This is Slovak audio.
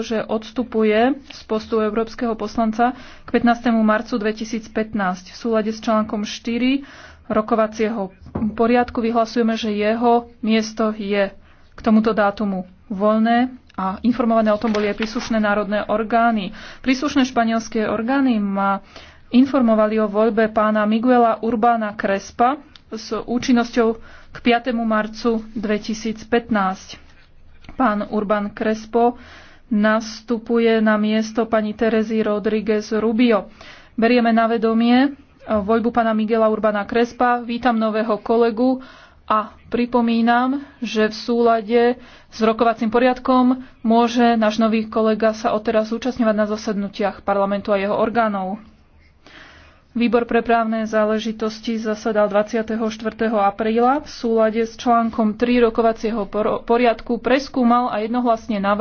že odstupuje z postu európskeho poslanca k 15. marcu 2015. V súlade s článkom 4 rokovacieho poriadku vyhlasujeme, že jeho miesto je k tomuto dátumu voľné a informované o tom boli aj príslušné národné orgány. Príslušné španielské orgány ma informovali o voľbe pána Miguela Urbana Krespa s účinnosťou k 5. marcu 2015. Pán Urban Krespo nastupuje na miesto pani Terezy Rodriguez Rubio. Berieme na vedomie voľbu pana Miguela Urbana Krespa. Vítam nového kolegu a pripomínam, že v súlade s rokovacím poriadkom môže náš nový kolega sa odteraz zúčastňovať na zasadnutiach parlamentu a jeho orgánov. Výbor pre právne záležitosti zasadal 24. apríla v súlade s článkom 3 rokovacieho poriadku preskúmal a jednohlasne navrhol